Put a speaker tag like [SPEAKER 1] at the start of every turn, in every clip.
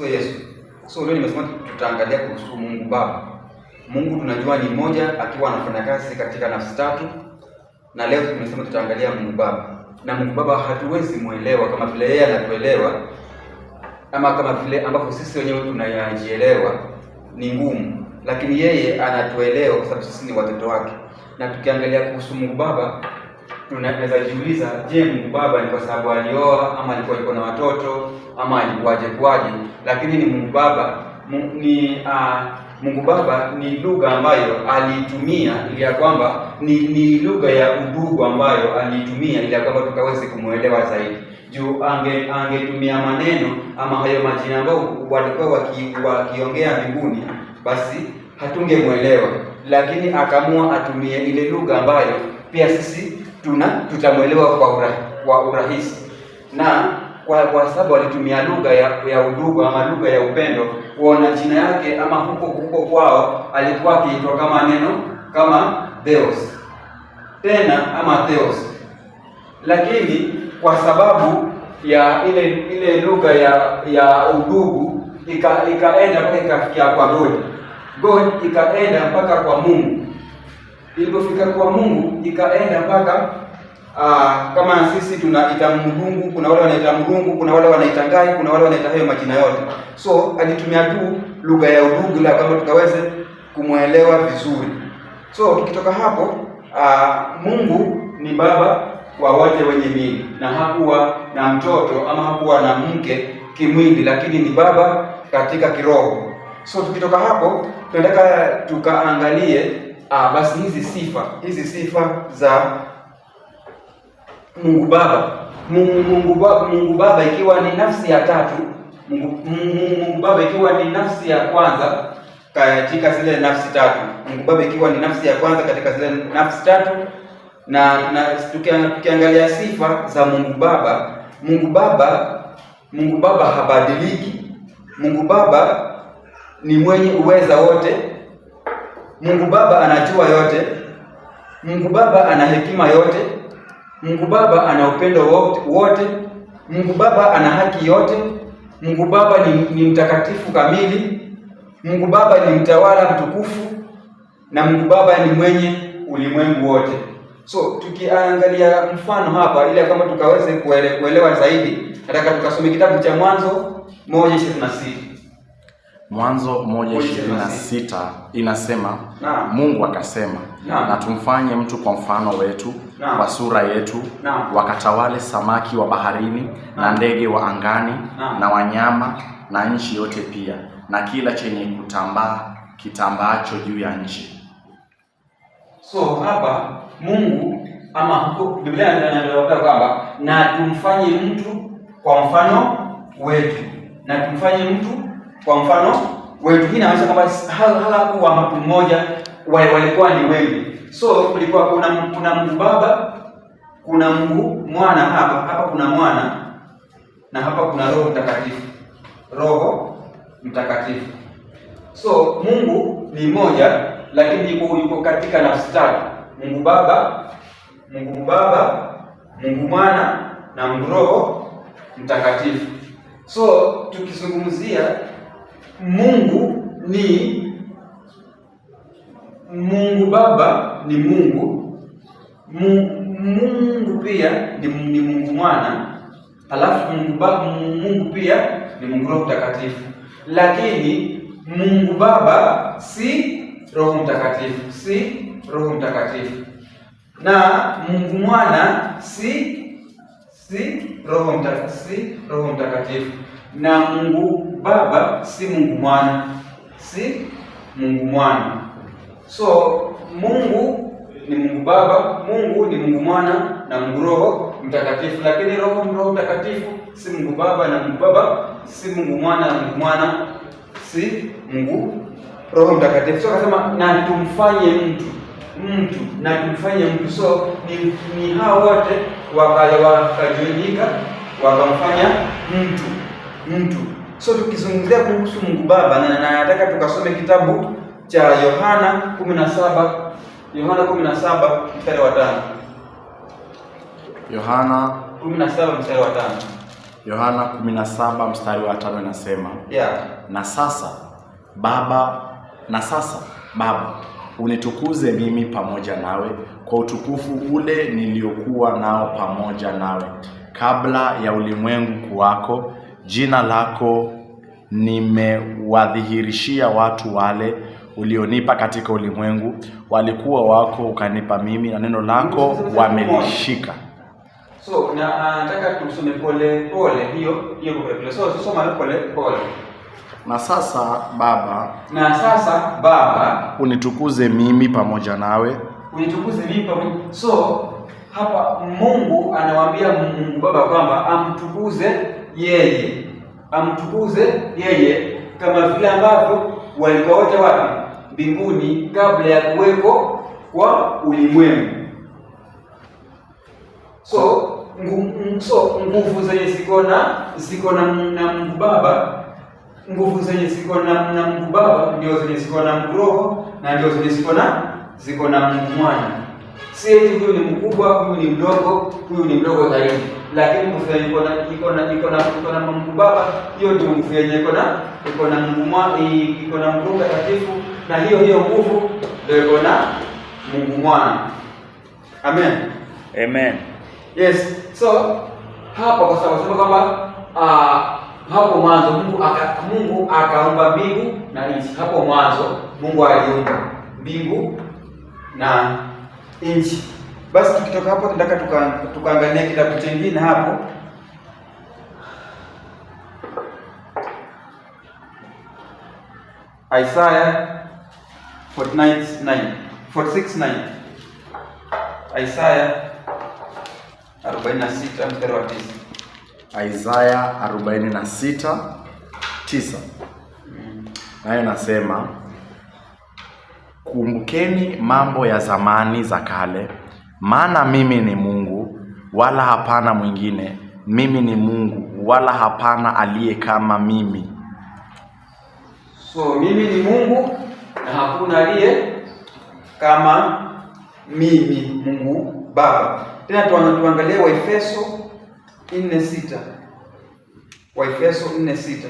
[SPEAKER 1] Yesu. So leo nimesema tutaangalia kuhusu Mungu Baba. Mungu tunajua ni mmoja akiwa anafanya kazi katika nafsi tatu, na leo tumesema tutaangalia Mungu Baba. Na Mungu Baba hatuwezi mwelewa kama vile yeye anatuelewa, ama kama vile ambapo sisi wenyewe tunajielewa, ni ngumu, lakini yeye anatuelewa kwa sababu sisi ni watoto wake. Na tukiangalia kuhusu Mungu Baba tunaweza jiuliza, je, Mungu Baba ni kwa sababu alioa ama alikuwa alikuwa na watoto ama alikuwaje kwaje? Lakini ni Mungu Baba ni uh, Mungu Baba ni lugha ambayo aliitumia ili ya kwamba ni, ni lugha ya udugu ambayo aliitumia ili ya kwamba tukaweze kumwelewa zaidi juu ange- angetumia maneno ama hayo majina ambayo walikuwa waki, wakiongea mbinguni, basi hatungemwelewa, lakini akaamua atumie ile lugha ambayo pia sisi tuna tutamwelewa kwa ura, kwa urahisi na kwa, kwa sababu walitumia lugha ya, ya udugu ama lugha ya upendo. Kuona jina yake ama huko huko kwao alikuwa akiitwa kama neno kama Theos tena ama Theos, lakini kwa sababu ya ile ile lugha ya ya udugu ika- ikaenda mpaka ikafikia kwa God. God ikaenda mpaka kwa Mungu, ilipofika kwa Mungu ikaenda mpaka aa, ah, kama sisi tunaita mlungu, kuna wale wanaita mlungu, kuna wale wanaita ngai, kuna wale wanaita hayo majina yote. So alitumia tu lugha ya Ulugla kama tukaweze kumwelewa vizuri. So tukitoka hapo aa, ah, Mungu ni baba wa wote wenye mili na hakuwa na mtoto ama hakuwa na mke kimwili, lakini ni baba katika kiroho. So tukitoka hapo tunataka tukaangalie ah, basi hizi sifa hizi sifa za Mungu Baba, Mungu, Mungu Baba, Mungu Baba ikiwa ni nafsi ya tatu, Mungu, Mungu Baba ikiwa ni nafsi ya kwanza katika zile nafsi tatu, Mungu Baba ikiwa ni nafsi ya kwanza katika zile nafsi tatu na, na tukiangalia sifa za Mungu Baba, Mungu Baba, Mungu Baba habadiliki. Mungu Baba ni mwenye uweza wote. Mungu Baba anajua yote. Mungu Baba ana hekima yote. Mungu Baba ana upendo wote. Mungu Baba ana haki yote. Mungu Baba ni, ni mtakatifu kamili. Mungu Baba ni mtawala mtukufu, na Mungu Baba ni mwenye ulimwengu wote. So tukiangalia mfano hapa, ili kama tukaweze kuelewa zaidi, nataka tukasome kitabu cha Mwanzo 1:26.
[SPEAKER 2] Mwanzo 1:26 inasema na, Mungu akasema na, na tumfanye mtu kwa mfano wetu na wa sura yetu na wakatawale samaki wa baharini na, na ndege wa angani na, na wanyama na nchi yote pia na kila chenye kutambaa kitambaacho juu ya nchi.
[SPEAKER 1] So hapa Mungu ama Biblia inaeleza kwamba na tumfanye mtu kwa mfano wetu, na tumfanye mtu kwa mfano wetu. Hii inaonyesha kwamba hakuwa mtu mmoja walikuwa ni wengi. So kulikuwa kuna kuna Mungu Baba, kuna Mungu Mwana, hapa hapa kuna Mwana na hapa kuna Roho Mtakatifu, Roho Mtakatifu. So Mungu ni mmoja, lakini yuko yuko katika nafsi tatu: Mungu Baba, Mungu Baba, Mungu Mwana na Mungu Roho Mtakatifu. So tukizungumzia Mungu ni Mungu Baba ni Mungu, Mungu pia ni, ni Mungu Mwana, alafu Mungu Baba, Mungu pia ni Mungu Roho Mtakatifu. Lakini Mungu Baba si Roho Mtakatifu, si Roho Mtakatifu, na Mungu Mwana si si Roho Mtakatifu, si Roho Mtakatifu, na Mungu Baba si Mungu Mwana, si Mungu Mwana So Mungu ni Mungu Baba, Mungu ni Mungu Mwana na Mungu Roho Mtakatifu. Lakini Roho Roho Mtakatifu si Mungu Baba na Mungu Baba, si Mungu Mwana na Mungu Mwana, si Mungu Roho Mtakatifu. So akasema na tumfanye mtu mtu na tumfanye mtu. So ni, ni hao wote wakajunika wakamfanya mtu mtu. So tukizungumzia kuhusu Mungu Baba na nataka tukasome kitabu cha Yohana 17 Yohana 17 mstari wa 5.
[SPEAKER 2] Yohana
[SPEAKER 1] 17 mstari wa 5.
[SPEAKER 2] Yohana 17 mstari wa 5 inasema, yeah. Na sasa Baba, na sasa Baba unitukuze mimi pamoja nawe kwa utukufu ule niliokuwa nao pamoja nawe kabla ya ulimwengu kuwako, jina lako nimewadhihirishia watu wale ulionipa katika ulimwengu, walikuwa wako ukanipa mimi, na neno lako wamelishika.
[SPEAKER 1] So na nataka tusome pole pole hiyo hiyo kwa pole. So tusoma pole pole.
[SPEAKER 2] Na sasa Baba,
[SPEAKER 1] na sasa Baba,
[SPEAKER 2] unitukuze mimi pamoja nawe,
[SPEAKER 1] unitukuze mimi pamoja. So hapa Mungu anawaambia Mungu Baba kwamba amtukuze yeye, amtukuze yeye kama vile ambavyo walikuwa wote wapi mbinguni kabla ya kuweko kwa ulimwengu. So nguvu so nguvu zenye ziko na ziko na, Mungu Baba, nguvu zenye ziko na, na Mungu Baba ndio zenye ziko na Mungu Roho na ndio zenye ziko na ziko na Mungu Mwana. Si eti huyu ni mkubwa, huyu ni mdogo, huyu ni mdogo zaidi lakini kufia iko na iko na iko na iko na Mungu Baba, hiyo ndio nguvu yenye iko na iko na Mungu Mwana, iko na Mungu Mtakatifu, na hiyo hiyo nguvu ndio iko na Mungu Mwana. Amen, amen, yes. So hapo kwa sababu sema kwamba ah hapo mwanzo Mungu aka, Mungu akaumba mbingu na nchi. Hapo mwanzo Mungu aliumba mbingu na nchi. Basi tukitoka hapo tunataka tukaangalia tuka kitabu chengine hapo Isaya 49:9 46:9 Isaya 46 mstari wa
[SPEAKER 2] Isaya 46 nayo nasema, kumbukeni mambo ya zamani za kale maana mimi ni Mungu wala hapana mwingine, mimi ni Mungu wala hapana aliye kama mimi.
[SPEAKER 1] So mimi ni Mungu na hakuna aliye kama mimi, Mungu Baba. Tena tuangalie Waefeso 4:6. Waefeso 4:6.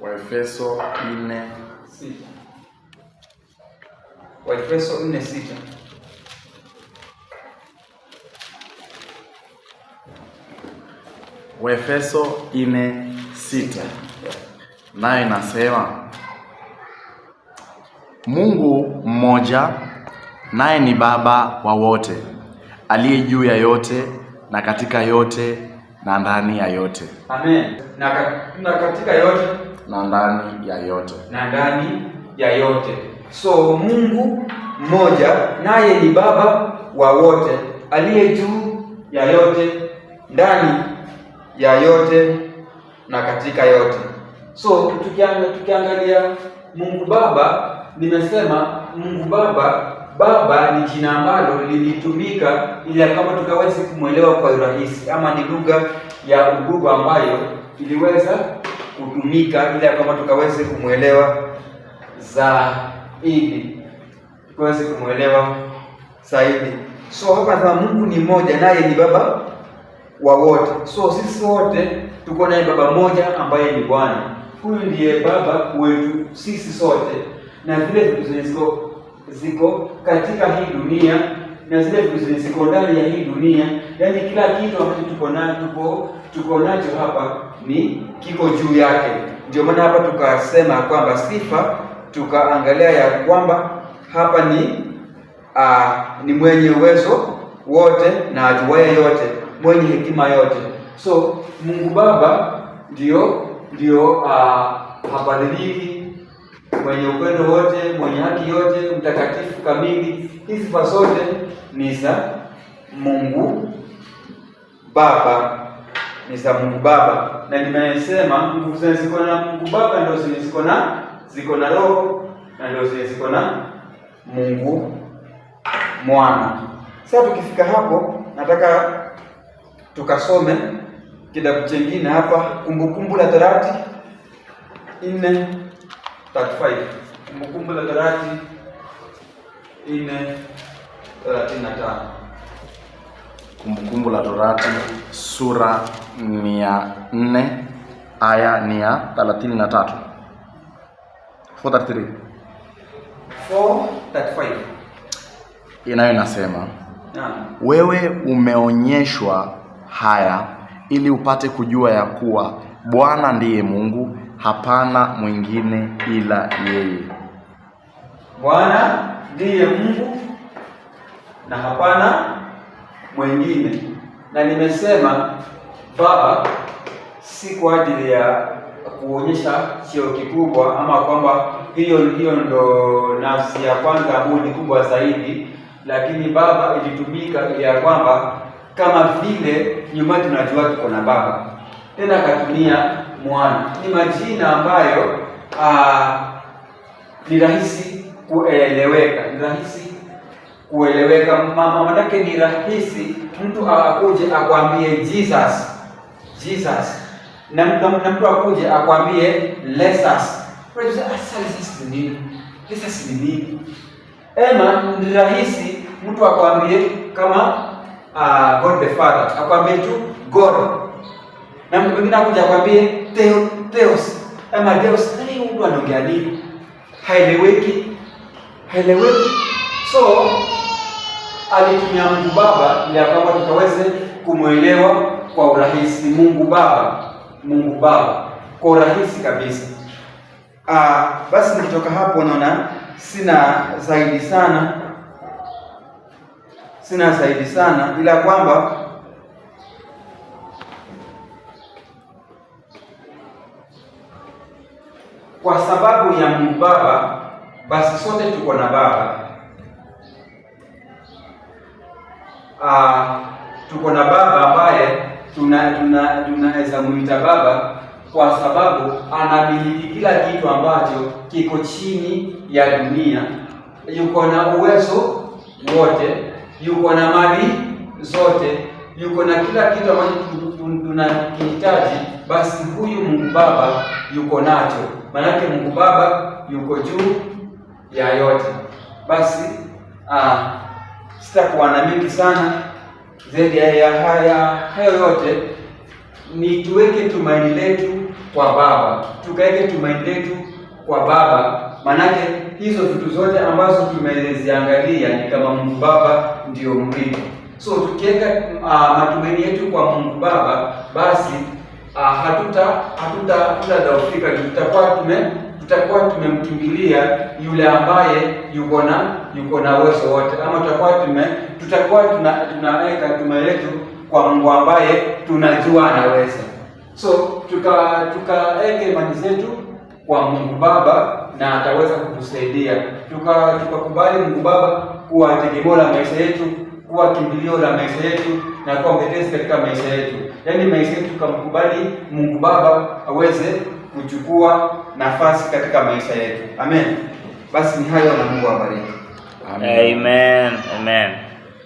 [SPEAKER 1] Waefeso 4:6. Waefeso 4:6.
[SPEAKER 2] Waefeso nne sita nayo inasema Mungu mmoja naye ni Baba wa wote aliye juu ya yote na katika yote na ndani ya yote.
[SPEAKER 1] Amen. Na, na katika yote na ndani ya yote na ndani ya yote. So Mungu mmoja naye ni Baba wa wote aliye juu ya yote ndani ya yote na katika yote. So tukiangalia, tukiangalia Mungu Baba, nimesema Mungu Baba, baba ni jina ambalo lilitumika ili kama tukawezi kumwelewa kwa urahisi, ama ni lugha ya Ugugu ambayo iliweza kutumika ili kama tukaweze kumwelewa zaidi, tukaweze kumwelewa zaidi. So hapa Mungu ni mmoja, naye ni baba wa wote. So sisi wote tuko naye baba mmoja ambaye ni Bwana. Huyu ndiye baba wetu sisi sote, na vile vitu ziko ziko katika hii dunia na zile vitu ziko ndani ya hii dunia, yaani kila kitu ambacho tuko na tuko tuko nacho hapa ni kiko juu yake. Ndio maana hapa tukasema kwamba sifa, tukaangalia ya kwamba hapa ni a, ah, ni mwenye uwezo wote na ajuaye yote mwenye hekima yote. So Mungu Baba ndio ndio uh, ah, habadiliki, mwenye upendo wote, mwenye haki yote, mtakatifu kamili. Hizi sifa zote ni za Mungu Baba ni za Mungu Baba, na nimesema nguvu zenye ziko na Mungu Baba ndio zenye ziko na ziko na Roho na ndio zenye ziko na Mungu Mwana. Sasa tukifika hapo nataka tukasome kitabu chengine hapa, Kumbukumbu la Torati 4:35 Kumbukumbu la Torati 4:35
[SPEAKER 2] Kumbukumbu la Torati sura mia nne aya ni ya thelathini na tatu. 4:33
[SPEAKER 1] 4:35
[SPEAKER 2] inayo inasema, yeah. Wewe umeonyeshwa haya ili upate kujua ya kuwa Bwana ndiye Mungu, hapana mwingine ila yeye.
[SPEAKER 1] Bwana ndiye Mungu na hapana mwingine. Na nimesema Baba si kwa ajili ya kuonyesha cheo kikubwa ama kwamba hiyo hiyo ndo nafsi ya kwanza ambayo ni kubwa zaidi, lakini Baba ilitumika ya kwamba kama vile nyuma tunajua tuko na Baba, tena akatumia Mwana. Ni majina ambayo aa, ah, ni rahisi kueleweka, ni rahisi kueleweka mama, manake ni rahisi mtu akuje akwambie Jesus, Jesus na mtu akuje akwambie Lesas. Ah, sasa ni Lesas ni nini? Ema, ni rahisi mtu akwambie kama uh, God the Father, akwambie tu God, na mtu mwingine akuja akwambie theo theos ama theos. Hey, eh, mtu anaongea nini? Haeleweki, haeleweki. So alitumia Mungu Baba ili kwamba tutaweze kumwelewa kwa urahisi. Mungu Baba, Mungu Baba kwa urahisi kabisa. Uh, basi nikitoka hapo naona sina zaidi sana sina zaidi sana, ila kwamba kwa sababu ya mbaba basi sote tuko na baba ah, tuko na baba ambaye tunaweza tuna, tuna mwita baba kwa sababu anamiliki kila kitu ambacho kiko chini ya dunia, yuko na uwezo wote yuko na mali zote, yuko na kila kitu ambacho tunakihitaji, basi huyu Mungu Baba yuko nacho. Maanake Mungu Baba yuko juu ya yote. Basi ah, sitakuwa na mingi sana zaidi ya haya. Hayo yote ni tuweke tumaini letu kwa Baba, tukaweke tumaini letu kwa Baba, maanake hizo vitu zote ambazo tumeziangalia ni kama Mungu Baba ndio mrithi. So tukiweka uh, matumaini yetu kwa Mungu Baba basi uh, hatuta hatuta hatutadhaufika, tutakuwa tume tutakuwa tumemkimbilia yule ambaye yuko na yuko na uwezo wote, ama tutakuwa tume tutakuwa tunaweka tuma yetu kwa Mungu ambaye tunajua anaweza. So tuka tukaeke imani zetu kwa Mungu Baba na ataweza kutusaidia tukakubali tuka Mungu Baba kuwa tegemeo la maisha yetu, kuwa kimbilio la maisha yetu na kuwa mtetezi katika maisha yetu, yaani maisha yetu tukamkubali Mungu Baba aweze kuchukua nafasi katika maisha yetu. Amen. Basi ni hayo, na Mungu awabariki.
[SPEAKER 2] Amen. Amen. Amen.